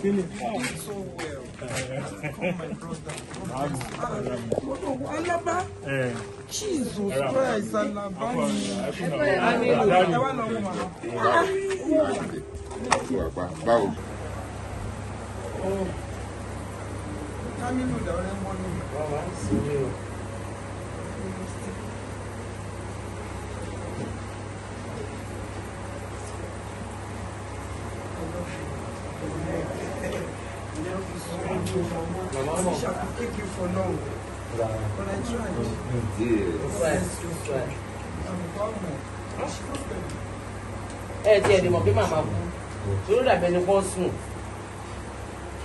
feeling oh, so well. my brother. Alaba. Jesus Christ, Alaba. Báwo. Kamilu da We shall keep you for long. But I tried. Yes. I'm a government. Ẹ tiẹ̀ ni mọ̀ pé màmá kú, torí dàbẹ̀ ni wọ́n sùn,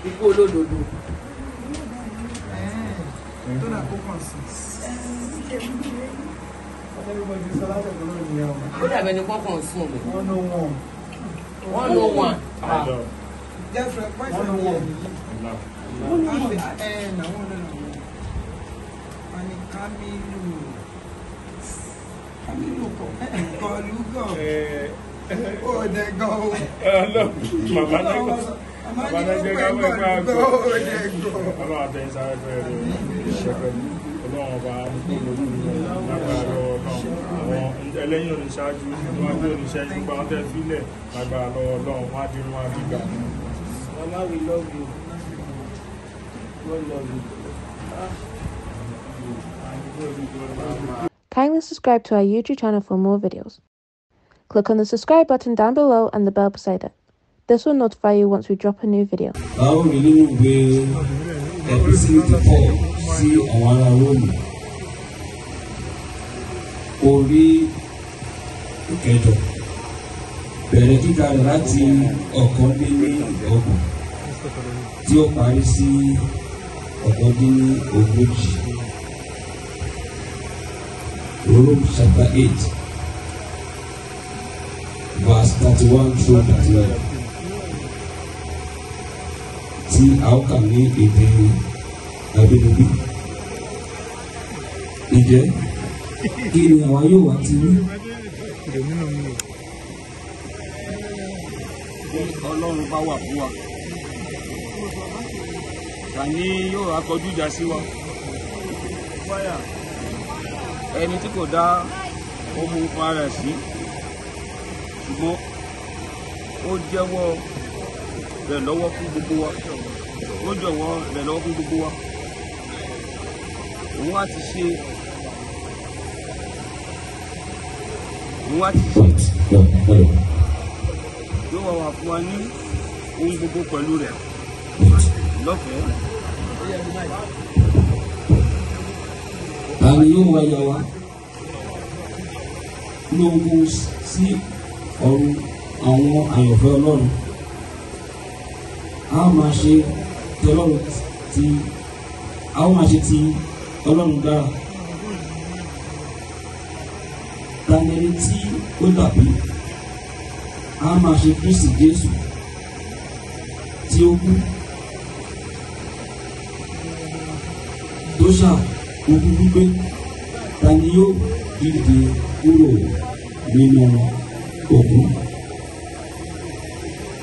ikú olódodo. Tó dà kó kàn sí ó dàbẹ̀ ni kọ́kàn sùn mi. wọ́n One wọ̀n. wọ́n ló wọ̀n girlfriend boyfriend yẹn nìyí ẹ nàwọn náà wọn ni Kamilu Kamilu kọ gọlúgọ òdẹgọ o màmá dẹgọ màmá dẹgọ àwọn ẹgbẹ àgọ Ọlọ́run àtẹnisa ẹgbẹ rẹ Ọlọ́run ọba olórí lágbára lọ́wọ́ Ọlọ́run àwọn ẹlẹ́yìn oníṣáájú wọn àti oníṣẹ́yìn gbọ́n tẹ́ sílẹ̀ lágbára lọ́wọ́ Ọlọ́run wọn á dín wọn á dìgbà. Mama, we love you. God love you. Kindly subscribe to our YouTube channel for more videos. Click on the subscribe button down below and the bell beside it. This will notify you once we drop a new video. bẹ̀rẹ̀ kíkà rẹ̀ láti ọ̀kan dín ní ọgbọ̀n tí ó parí sí ọ̀kan dín ní ogójì Rome chapter eight verse thirty one through thirty one tí a ó kà ní èdè abínibí ǹjẹ́ kí ni àwa yóò wá ti rí ọlọ́run bá wà fún wa tani yóò akọjú ìjà sí wa ẹni tí kò dá ohun para ẹ̀ sí ṣùgbọ́n ó jẹ́wọ́ rẹ̀ lọ́wọ́ fún gbogbo wa ó jọ̀wọ́ rẹ̀ lọ́wọ́ fún gbogbo wa òun á ti ṣe òun á ti ṣe bá wà fún wa ní ohun gbogbo pẹ̀lú rẹ̀ lọ́fẹ̀ẹ́. àmì yóò wá yà wá lóògùn sí ọ̀run àwọn àyànfẹ́ ọlọ́run a máa ṣe ti ọlọ́run ti a máa ṣe ti ọlọ́run dára tani ẹni tí ó dàbí a máa ṣe Kristi Jésù tí ó kú tó ṣà òkú wípé ta ni yóò dìde kúrò nínú òkú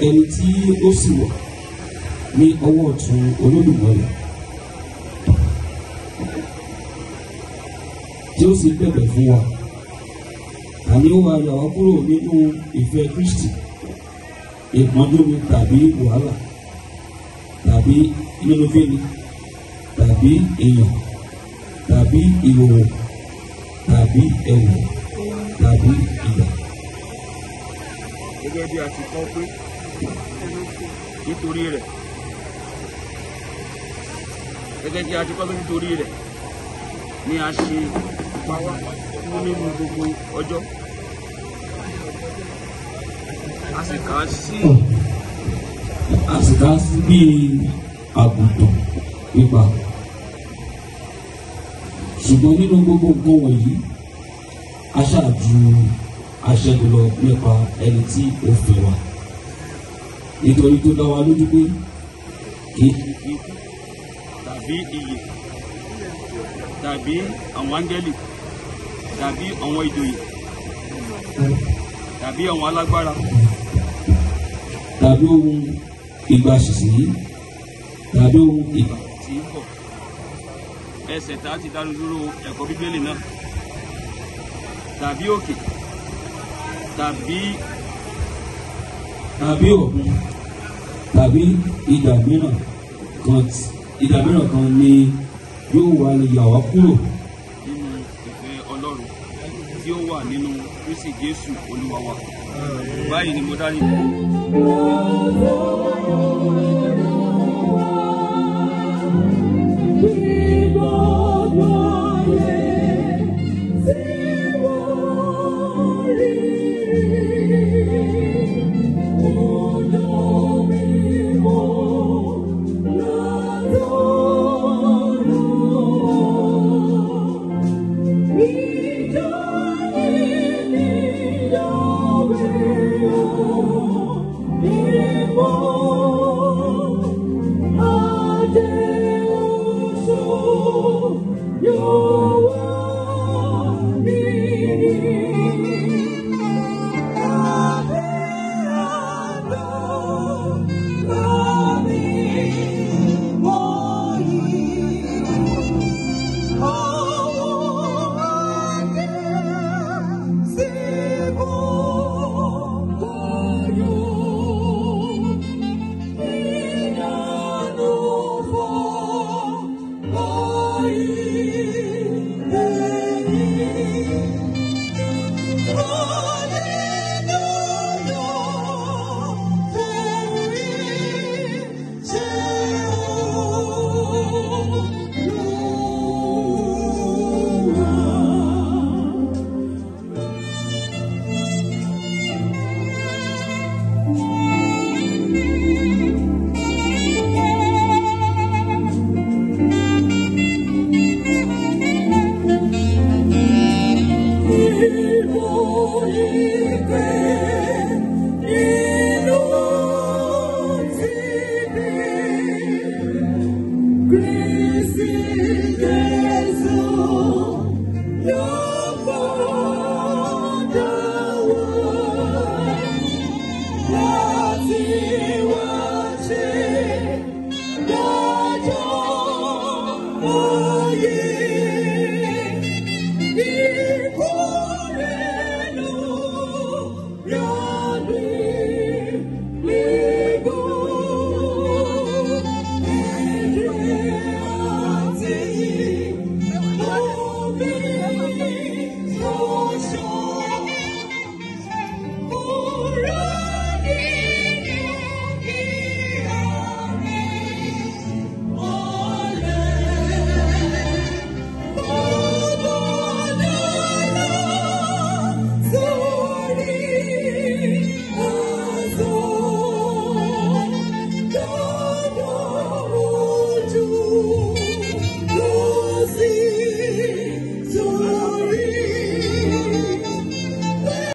ẹni tí ó sì wà ní ọwọ́ ọ̀tún Olódùmarè tí ó sì bẹ̀bẹ̀ fún wa tàbí ó máa yà wá kúrò nínú ìfẹ́ Kristi ìpọ́njúmi tàbí wàhálà tàbí nínú fíni tàbí èèyàn tàbí ìhòòhò tàbí ẹ̀wọ̀ tàbí ìyà. gẹ́gẹ́ bí a ti kọ́ pé nítorí rẹ̀ gẹ́gẹ́ bí a ti kọ́ pé nítorí rẹ̀ ni a ṣe pa wá fún nínú gbogbo ọjọ́ àsìkà sí àsìkà hmm. sí bíi àgùntàn pípa ṣùgbọ́n nínú gbogbo nǹkan wọ̀nyí aṣáájú aṣẹ́gun lọ nípa ẹni tí ó fẹ́ wa nítorí tó dá wa lójú pé kì í tàbí iyè tàbí àwọn áńgẹ́lì tàbí àwọn ìjòyè tàbí àwọn alágbára tàbí ohun ìgbàsísí tàbí ohun ìgbà tí ń bọ̀. ẹsẹ̀ tá a ti dánu dúró ẹ̀kọ́ bíbélì náà tàbí òkè tàbí tàbí òkun tàbí ìdà mìíràn kan ìdà mìíràn kan ni yóò wá lè yà kúrò nínú ìfẹ́ Ọlọ́run tí ó wà nínú Kristi Jésù Olúwa wa. 欢迎你们到。